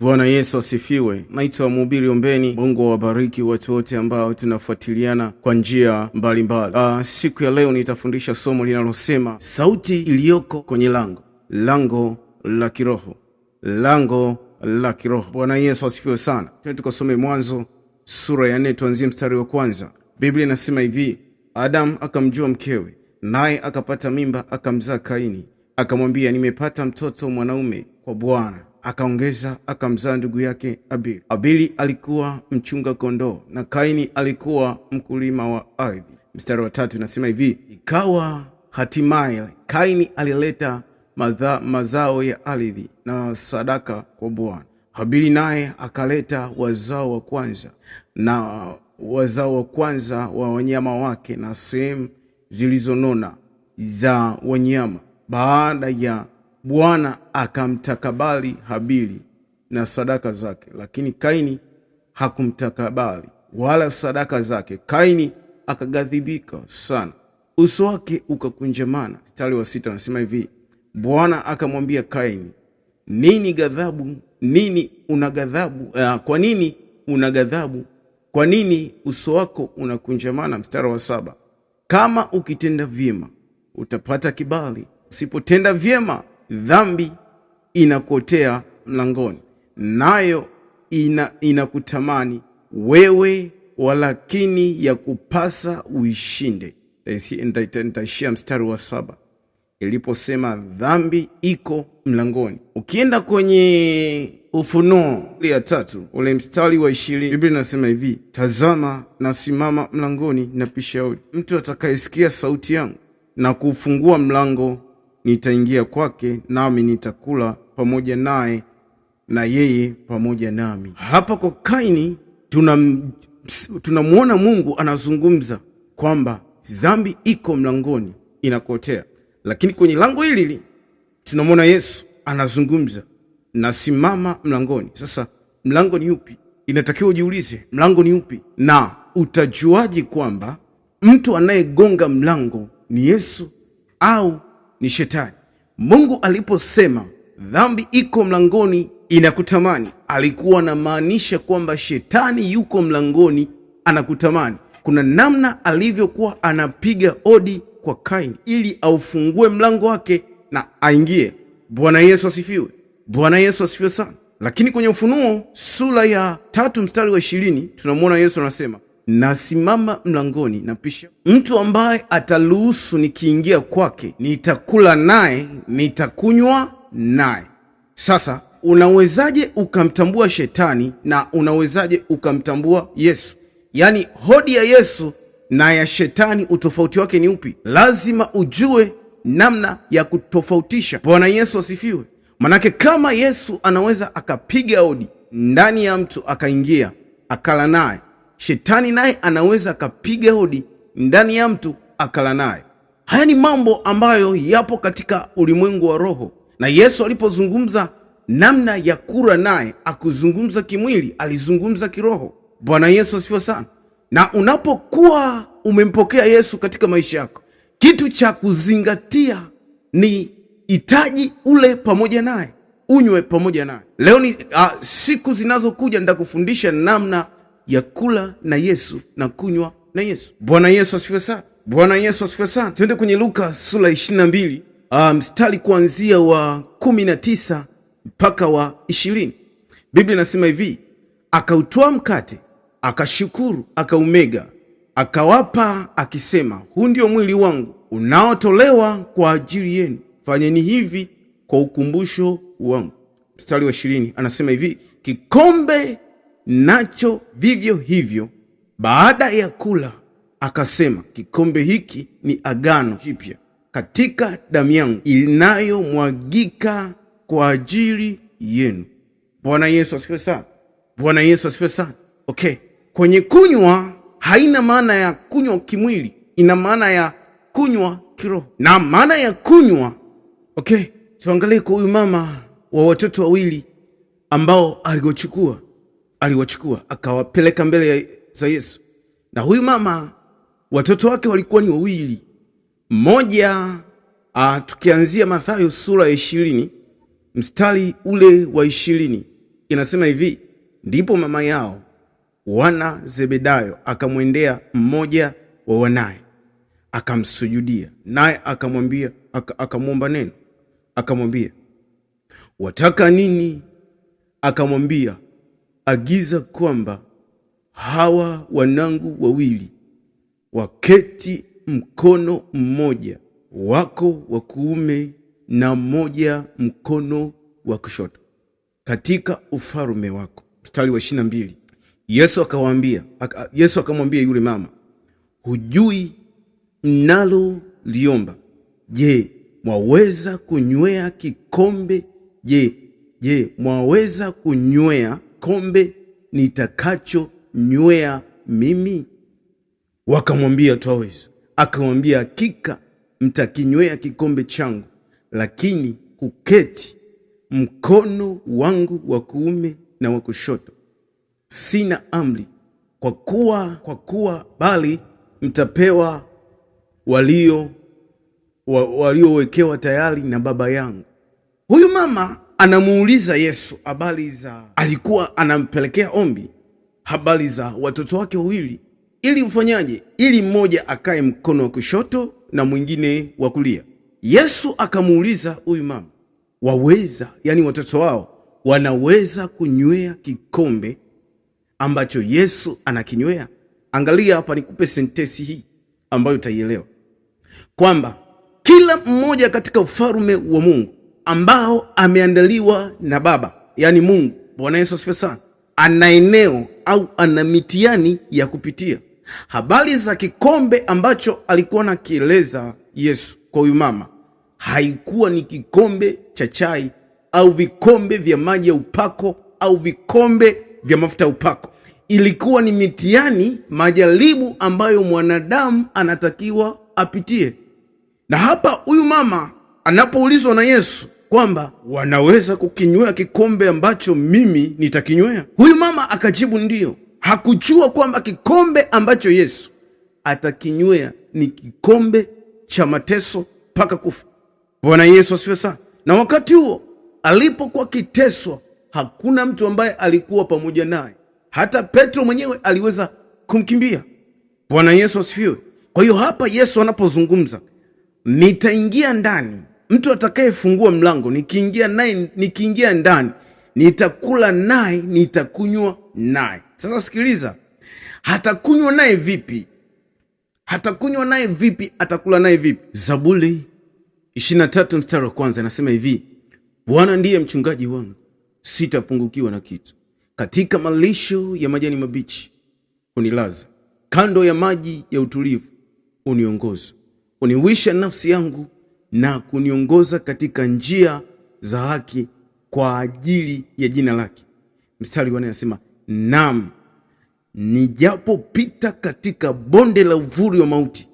Bwana Yesu asifiwe. Naitwa mhubiri Ombeni. Mungu awabariki watu wote ambao tunafuatiliana kwa njia mbalimbali. Aa, ah, siku ya leo nitafundisha somo linalosema sauti iliyoko kwenye lango, lango la kiroho, lango la kiroho. Bwana Yesu asifiwe sana. tukasome Mwanzo sura ya nne tuanzie mstari wa kwanza. Biblia inasema hivi, Adamu akamjua mkewe, naye akapata mimba, akamzaa Kaini, akamwambia nimepata mtoto mwanaume kwa Bwana akaongeza akamzaa ndugu yake Abili. Abili alikuwa mchunga kondoo na Kaini alikuwa mkulima wa ardhi. Mstari wa tatu inasema hivi, ikawa hatimaye Kaini alileta madha, mazao ya ardhi na sadaka kwa Bwana. Habili naye akaleta wazao wa kwanza na wazao wa kwanza wa wanyama wake na sehemu zilizonona za wanyama baada ya Bwana akamtakabali Habili na sadaka zake, lakini Kaini hakumtakabali wala sadaka zake. Kaini akaghadhibika sana, uso wake ukakunjamana. Mstari wa sita anasema hivi, Bwana akamwambia Kaini, nini ghadhabu? Nini una ghadhabu? Uh, kwa nini una ghadhabu? Kwa nini uso wako unakunjamana? Mstari wa saba, kama ukitenda vyema utapata kibali, usipotenda vyema dhambi inakuotea mlangoni, nayo ina, inakutamani wewe, walakini ya kupasa uishinde. ntaishia mstari wa saba iliposema dhambi iko mlangoni. Ukienda kwenye Ufunuo ya tatu ule mstari wa ishirini Biblia inasema hivi, tazama nasimama mlangoni na pisha mtu atakayesikia sauti yangu na kufungua mlango nitaingia kwake, nami nitakula pamoja naye na yeye pamoja nami. Hapa kwa Kaini tunamwona tuna Mungu anazungumza kwamba zambi iko mlangoni inakotea, lakini kwenye lango hili tunamwona Yesu anazungumza, nasimama mlangoni. Sasa mlango ni upi? Inatakiwa ujiulize mlango ni upi, na utajuaje kwamba mtu anayegonga mlango ni Yesu au ni shetani. Mungu aliposema dhambi iko mlangoni inakutamani, alikuwa anamaanisha kwamba shetani yuko mlangoni anakutamani. Kuna namna alivyokuwa anapiga odi kwa Kaini ili aufungue mlango wake na aingie. Bwana Yesu asifiwe! Bwana Yesu asifiwe sana. Lakini kwenye Ufunuo sura ya tatu mstari wa ishirini tunamwona Yesu anasema nasimama mlangoni napisha, mtu ambaye ataruhusu nikiingia kwake, nitakula naye, nitakunywa naye. Sasa unawezaje ukamtambua shetani na unawezaje ukamtambua Yesu? Yaani hodi ya Yesu na ya shetani utofauti wake ni upi? Lazima ujue namna ya kutofautisha. Bwana Yesu asifiwe. Manake kama Yesu anaweza akapiga hodi ndani ya mtu akaingia akala naye shetani naye anaweza akapiga hodi ndani ya mtu akala naye. Haya ni mambo ambayo yapo katika ulimwengu wa roho, na Yesu alipozungumza namna ya kula naye, akuzungumza kimwili, alizungumza kiroho. Bwana Yesu asifiwe sana. Na unapokuwa umempokea Yesu katika maisha yako, kitu cha kuzingatia ni hitaji ule pamoja naye, unywe pamoja naye. Leo ni a, ah, siku zinazokuja nitakufundisha namna ya kula na Yesu na kunywa na Yesu. Bwana Yesu asifiwe sana. Bwana Yesu asifiwe sana. Tuende kwenye Luka sura 22 ah, mstari um, kuanzia wa 19 mpaka wa 20. Biblia inasema hivi, akautwaa mkate, akashukuru, akaumega, akawapa akisema, huu ndio mwili wangu unaotolewa kwa ajili yenu, fanyeni hivi kwa ukumbusho wangu. Mstari wa 20 anasema hivi, kikombe nacho vivyo hivyo baada ya kula akasema, kikombe hiki ni agano jipya katika damu yangu inayomwagika kwa ajili yenu. Bwana Yesu asifiwe sana. Bwana Yesu asifiwe sana. Okay, kwenye kunywa haina maana ya kunywa kimwili, ina maana ya kunywa kiroho na maana ya kunywa. Okay, tuangalie kwa huyu mama wa watoto wawili ambao aliochukua aliwachukua akawapeleka mbele za Yesu. Na huyu mama watoto wake walikuwa ni wawili, mmoja ah, tukianzia Mathayo sura ya ishirini mstari ule wa ishirini inasema hivi: ndipo mama yao wana Zebedayo akamwendea mmoja wa wanaye akamsujudia, naye akamwambia, akamwomba neno, akamwambia wataka nini? Akamwambia, agiza kwamba hawa wanangu wawili waketi mkono mmoja wako wa kuume na mmoja mkono wa kushoto katika ufarume wako. Mstari wa ishirini na mbili, Yesu akawaambia, Yesu akamwambia yule mama, hujui mnalo liomba. Je, mwaweza kunywea kikombe? Je, je, mwaweza kunywea kikombe nitakachonywea mimi? Wakamwambia, twaweza. Akamwambia, hakika mtakinywea kikombe changu, lakini kuketi mkono wangu wa kuume na wa kushoto sina amri, kwa kuwa kwa kuwa bali mtapewa walio wa, waliowekewa tayari na Baba yangu. Huyu mama anamuuliza Yesu habari za, alikuwa anampelekea ombi habari za watoto wake wawili, ili mfanyaje, ili mmoja akae mkono wa kushoto na mwingine wa kulia. Yesu akamuuliza huyu mama, waweza, yani watoto wao wanaweza kunywea kikombe ambacho Yesu anakinywea? Angalia hapa, nikupe sentesi hii ambayo utaielewa kwamba kila mmoja katika ufalme wa Mungu ambao ameandaliwa na Baba, yaani Mungu. Bwana Yesu asifiwe sana. Ana eneo au ana mitihani ya kupitia, habari za kikombe ambacho alikuwa nakieleza Yesu kwa huyu mama haikuwa ni kikombe cha chai au vikombe vya maji ya upako au vikombe vya mafuta ya upako. Ilikuwa ni mitihani, majaribu ambayo mwanadamu anatakiwa apitie, na hapa huyu mama anapoulizwa na Yesu kwamba wanaweza kukinywea kikombe ambacho mimi nitakinywea, huyu mama akajibu ndiyo. Hakujua kwamba kikombe ambacho Yesu atakinywea ni kikombe cha mateso mpaka kufa. Bwana Yesu asifiwe sana. Na wakati huo alipokuwa kiteswa, hakuna mtu ambaye alikuwa pamoja naye, hata Petro mwenyewe aliweza kumkimbia. Bwana Yesu asifiwe. Kwa hiyo hapa Yesu anapozungumza nitaingia ndani mtu atakayefungua mlango nikiingia naye, nikiingia ndani nitakula naye, nitakunywa naye. Sasa sikiliza, hatakunywa naye vipi? Hatakunywa naye vipi? Atakula naye vipi? Zaburi 23 mstari wa kwanza inasema hivi, Bwana ndiye mchungaji wangu, sitapungukiwa na kitu. Katika malisho ya majani mabichi unilaza, kando ya maji ya utulivu uniongoza, uniwisha nafsi yangu na kuniongoza katika njia za haki kwa ajili ya jina lake. Mstari wanne anasema nam, nijapopita katika bonde la uvuli wa mauti,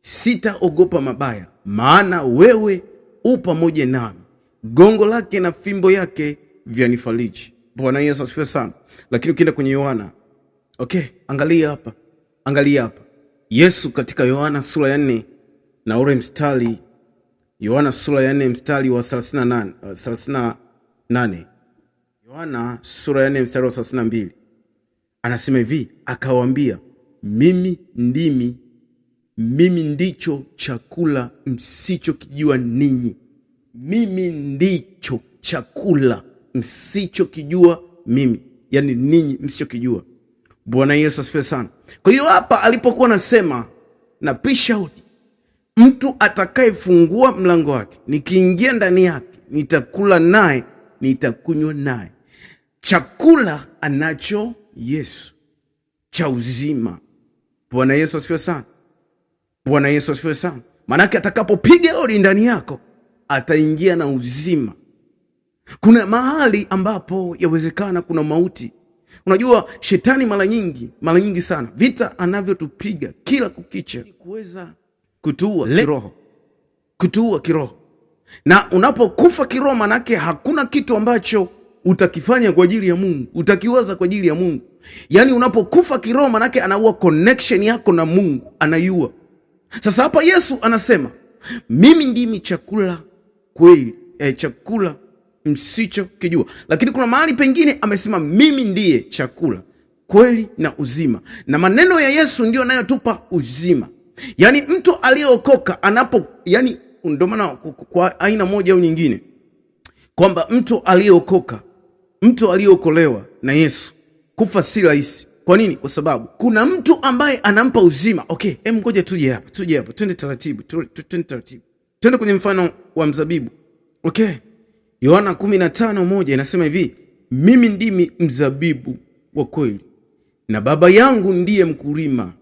sitaogopa mabaya, maana wewe u pamoja nami, gongo lake na fimbo yake vyanifariji. Bwana Yesu asifiwe sana. Lakini ukienda kwenye Yohana, okay, angalia hapa, angalia hapa Yesu katika Yohana sura ya nne na ule mstari Yohana sura ya 4 mstari wa 38, 38. Eh, Yohana sura ya 4 mstari wa 32 anasema hivi, akawaambia mimi ndimi, mimi ndicho chakula msichokijua ninyi, mimi ndicho chakula msichokijua mimi, yani ninyi msichokijua. Bwana Yesu asifiwe sana. Kwa hiyo hapa alipokuwa anasema napisha hodi mtu atakayefungua mlango wake, nikiingia ndani yake, nitakula naye, nitakunywa naye. Chakula anacho Yesu cha uzima. Bwana Yesu asifiwe sana. Bwana Yesu asifiwe sana. Maanake atakapopiga hodi ndani yako ataingia na uzima. Kuna mahali ambapo yawezekana kuna mauti. Unajua, shetani mara nyingi mara nyingi sana vita anavyotupiga kila kukicha kuweza kutua kiroho, kutua kiroho. Na unapokufa kiroho, manake hakuna kitu ambacho utakifanya kwa ajili ya Mungu, utakiwaza kwa ajili ya Mungu. Yaani unapokufa kiroho, manake anaua connection yako na Mungu, anaiua. Sasa hapa Yesu anasema mimi ndimi chakula kweli, eh, chakula msicho kijua. Lakini kuna mahali pengine amesema mimi ndiye chakula kweli na uzima, na maneno ya Yesu ndio anayotupa uzima. Yaani mtu aliyeokoka anapo, yani ndio maana kwa aina moja au nyingine kwamba mtu aliyeokoka, mtu aliyeokolewa na Yesu kufa si rahisi. Kwa nini? Kwa sababu kuna mtu ambaye anampa uzima. Okay, hem, ngoja tuje hapa, tuje hapa, twende taratibu, twende taratibu, twende kwenye mfano wa mzabibu. Okay, Yohana 15:1 inasema hivi, mimi ndimi mzabibu wa kweli na Baba yangu ndiye mkulima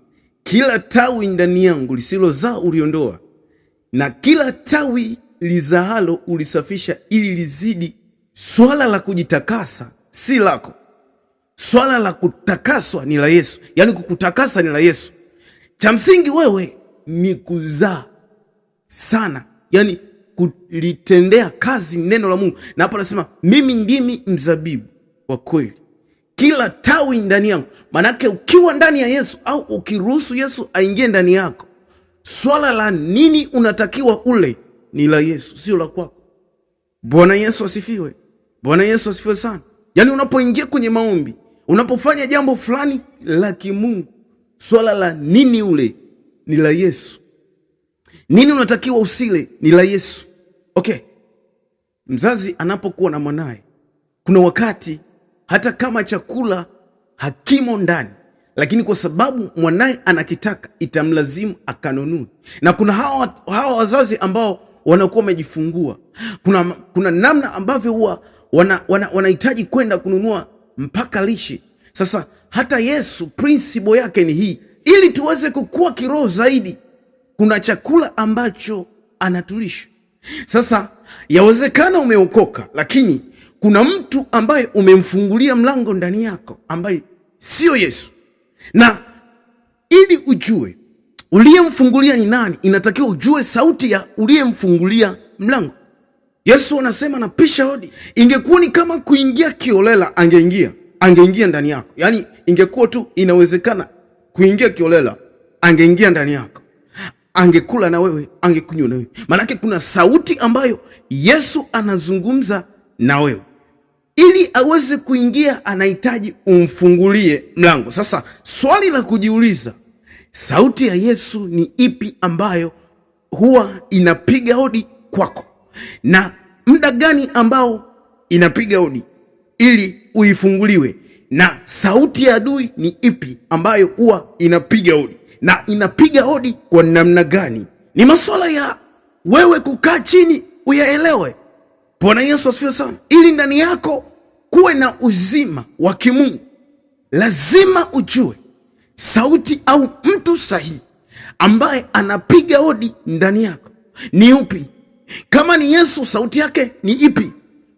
kila tawi ndani yangu lisilozaa uliondoa, na kila tawi lizaalo ulisafisha, ili lizidi. Swala la kujitakasa si lako, swala la kutakaswa ni la Yesu, yaani kukutakasa ni la Yesu. Cha msingi wewe ni kuzaa sana, yaani kulitendea kazi neno la Mungu. Na hapo anasema mimi ndimi mzabibu wa kweli kila tawi ndani yangu. Manake ukiwa ndani ya Yesu au ukiruhusu Yesu aingie ndani yako, swala la nini unatakiwa ule ni la Yesu, sio la kwako. Bwana Yesu asifiwe! Bwana Yesu asifiwe sana. Yaani unapoingia kwenye maombi, unapofanya jambo fulani la kimungu, swala la nini ule ni la Yesu. Nini unatakiwa usile ni la Yesu. Okay, mzazi anapokuwa na mwanaye, kuna wakati hata kama chakula hakimo ndani, lakini kwa sababu mwanaye anakitaka itamlazimu akanunue. Na kuna hawa, hawa wazazi ambao wanakuwa wamejifungua, kuna, kuna namna ambavyo huwa wanahitaji wana, kwenda kununua mpaka lishe. Sasa hata Yesu prinsipo yake ni hii, ili tuweze kukua kiroho zaidi, kuna chakula ambacho anatulisha. Sasa yawezekana umeokoka, lakini kuna mtu ambaye umemfungulia mlango ndani yako ambaye sio Yesu, na ili ujue uliyemfungulia ni nani, inatakiwa ujue sauti ya uliyemfungulia mlango. Yesu anasema napisha hodi. Ingekuwa ni kama kuingia kiolela, angeingia angeingia ndani yako, yaani ingekuwa tu inawezekana kuingia kiolela, angeingia ndani yako, angekula na wewe, angekunywa na wewe, maanake kuna sauti ambayo Yesu anazungumza na wewe ili aweze kuingia anahitaji umfungulie mlango. Sasa swali la kujiuliza, sauti ya Yesu ni ipi ambayo huwa inapiga hodi kwako na muda gani ambao inapiga hodi ili uifunguliwe, na sauti ya adui ni ipi ambayo huwa inapiga hodi na inapiga hodi kwa namna gani? Ni masuala ya wewe kukaa chini uyaelewe. Bwana Yesu asifiwe sana. Ili ndani yako kuwe na uzima wa kimungu, lazima ujue sauti au mtu sahihi ambaye anapiga hodi ndani yako ni upi. Kama ni Yesu, sauti yake ni ipi?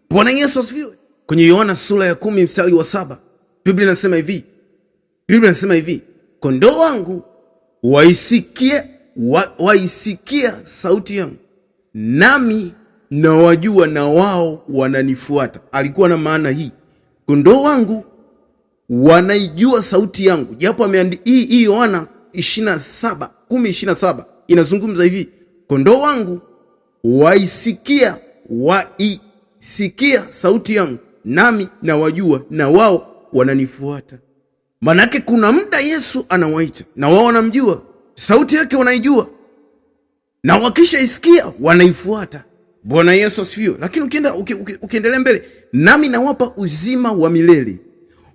Bwana Yesu asifiwe. Kwenye Yohana sura ya kumi mstari wa saba Biblia inasema hivi, Biblia inasema hivi, kondoo wangu waisikie, wa, waisikia sauti yangu nami na wajua na wao wananifuata. Alikuwa na maana hii, kondoo wangu wanaijua sauti yangu, japo ameandika hii hii Yohana 27 10:27 inazungumza hivi, kondoo wangu waisikia waisikia sauti yangu, nami na wajua na wao wananifuata. Manake kuna muda Yesu anawaita na wao wanamjua, sauti yake wanaijua, na wakishaisikia wanaifuata. Bwana Yesu asifiwe. Lakini ukienda ukiendelea mbele, nami nawapa uzima wa milele,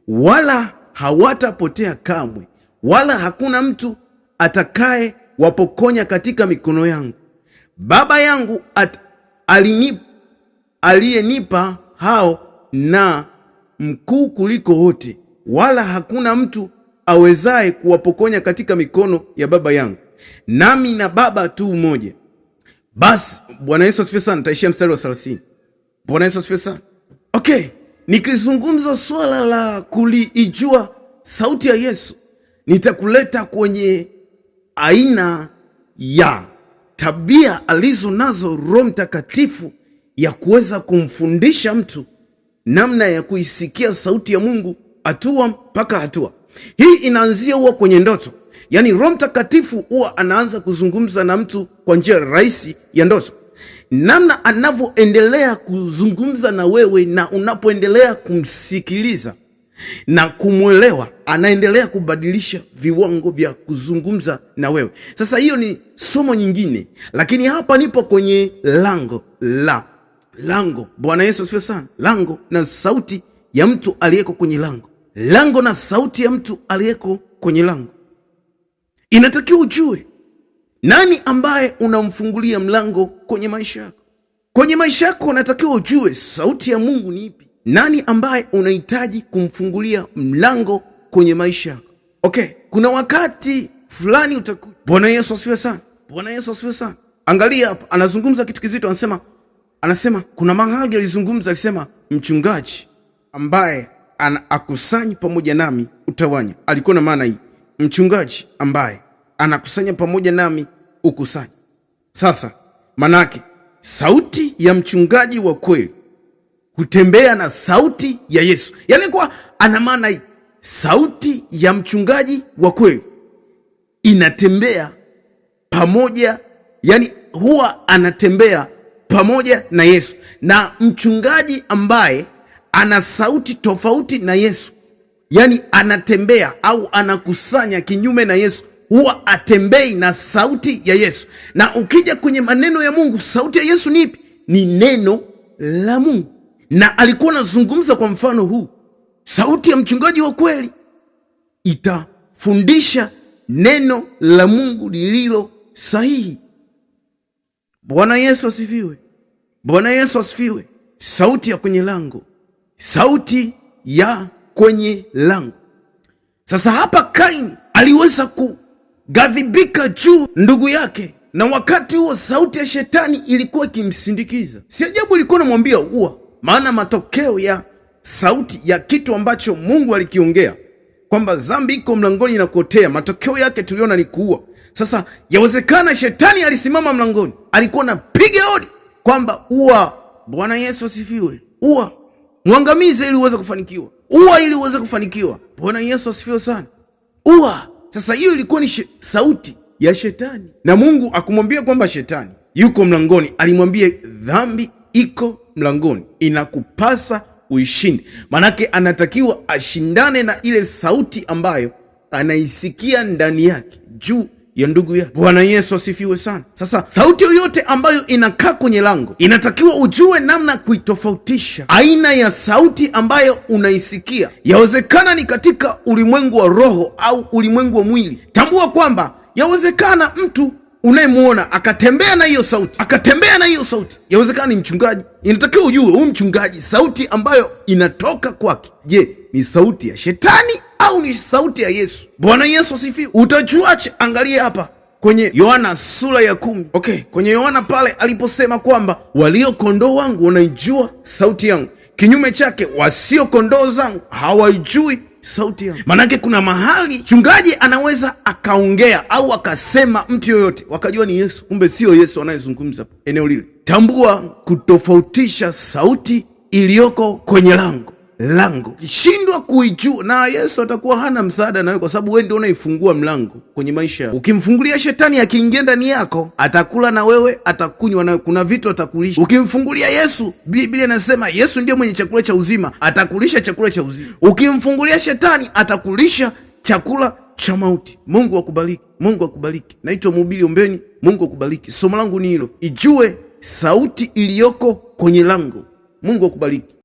wala hawatapotea kamwe, wala hakuna mtu atakaye wapokonya katika mikono yangu. Baba yangu aliyenipa hao na mkuu kuliko wote, wala hakuna mtu awezaye kuwapokonya katika mikono ya Baba yangu. Nami na Baba tu mmoja. Basi Bwana Yesu asifiwe sana. Nitaishia mstari wa 30. Bwana Yesu asifiwe sana. Okay, nikizungumza swala la kuliijua sauti ya Yesu, nitakuleta kwenye aina ya tabia alizo nazo Roho Mtakatifu ya kuweza kumfundisha mtu namna ya kuisikia sauti ya Mungu hatua mpaka hatua. Hii inaanzia huwa kwenye ndoto. Yaani Roho Mtakatifu huwa anaanza kuzungumza na mtu kwa njia rahisi ya ndoto, namna anavyoendelea kuzungumza na wewe, na unapoendelea kumsikiliza na kumwelewa, anaendelea kubadilisha viwango vya kuzungumza na wewe. Sasa hiyo ni somo nyingine, lakini hapa nipo kwenye lango la lango. Bwana Yesu asifiwe sana. Lango na sauti ya mtu aliyeko kwenye lango, lango na sauti ya mtu aliyeko kwenye lango. Inatakiwa ujue nani ambaye unamfungulia mlango kwenye maisha yako. Kwenye maisha yako unatakiwa ujue sauti ya Mungu ni ipi, nani ambaye unahitaji kumfungulia mlango kwenye maisha yako. Okay, kuna wakati fulani utakuja. Bwana Yesu asifiwe sana, Bwana Yesu asifiwe sana. Angalia hapa, anazungumza kitu kizito, anasema anasema kuna mahali alizungumza, alisema mchungaji ambaye akusanyi pamoja nami utawanya, alikuwa na maana hii mchungaji ambaye anakusanya pamoja nami ukusanya Sasa manake sauti ya mchungaji wa kweli hutembea na sauti ya Yesu, yaani kwa ana maana hii, sauti ya mchungaji wa kweli inatembea pamoja, yani huwa anatembea pamoja na Yesu, na mchungaji ambaye ana sauti tofauti na Yesu yani anatembea au anakusanya kinyume na Yesu, huwa atembei na sauti ya Yesu. Na ukija kwenye maneno ya Mungu, sauti ya Yesu ni ipi? Ni neno la Mungu, na alikuwa anazungumza kwa mfano huu. Sauti ya mchungaji wa kweli itafundisha neno la Mungu lililo sahihi. Bwana Yesu asifiwe! Bwana Yesu asifiwe! Sauti ya kwenye lango, sauti ya kwenye lango. Sasa hapa Kain aliweza kughadhibika juu ndugu yake, na wakati huo sauti ya shetani ilikuwa ikimsindikiza. Si ajabu ilikuwa namwambia ua, maana matokeo ya sauti ya kitu ambacho Mungu alikiongea kwamba dhambi iko mlangoni inakotea, matokeo yake tuliona ni kuua. Sasa yawezekana shetani alisimama mlangoni, alikuwa napiga hodi kwamba ua. Bwana Yesu asifiwe, ua, mwangamize ili uweze kufanikiwa. Ua ili uweze kufanikiwa. Bwana Yesu asifiwe sana. Ua. Sasa hiyo ilikuwa ni sauti ya shetani, na Mungu akumwambia kwamba shetani yuko mlangoni. Alimwambia dhambi iko mlangoni, inakupasa uishinde. Manake anatakiwa ashindane na ile sauti ambayo anaisikia ndani yake juu ya ndugu yake. Bwana Yesu asifiwe sana. Sasa sauti yoyote ambayo inakaa kwenye lango inatakiwa ujue namna kuitofautisha aina ya sauti ambayo unaisikia. Yawezekana ni katika ulimwengu wa roho au ulimwengu wa mwili. Tambua kwamba yawezekana mtu unayemwona akatembea na hiyo sauti, akatembea na hiyo sauti. Yawezekana ni mchungaji. Inatakiwa ujue huyu mchungaji, sauti ambayo inatoka kwake, je, ni sauti ya shetani au ni sauti ya Yesu? Bwana Yesu asifiwe. utachuache Angalia hapa kwenye Yohana sura ya kumi. Okay, kwenye Yohana pale aliposema kwamba walio kondoo wangu wanaijua sauti yangu, kinyume chake wasio kondoo zangu hawaijui sauti yangu. Maanake kuna mahali chungaji anaweza akaongea au akasema mtu yoyote, wakajua ni Yesu, kumbe sio Yesu anayezungumza eneo lile. Tambua kutofautisha sauti iliyoko kwenye lango lango kishindwa kuijua, na Yesu atakuwa hana msaada nawe, kwa sababu wee ndio unaifungua mlango kwenye maisha yako. Ukimfungulia shetani, akiingia ndani yako, atakula na wewe, atakunywa nawe, kuna vitu atakulisha. Ukimfungulia Yesu, Biblia inasema Yesu ndiye mwenye chakula cha uzima, atakulisha chakula cha uzima. Ukimfungulia shetani, atakulisha chakula cha mauti. Mungu akubariki, Mungu akubariki. Naitwa mubili Ombeni, Mungu akubariki. Somo langu ni hilo, ijue sauti iliyoko kwenye lango. Mungu akubariki.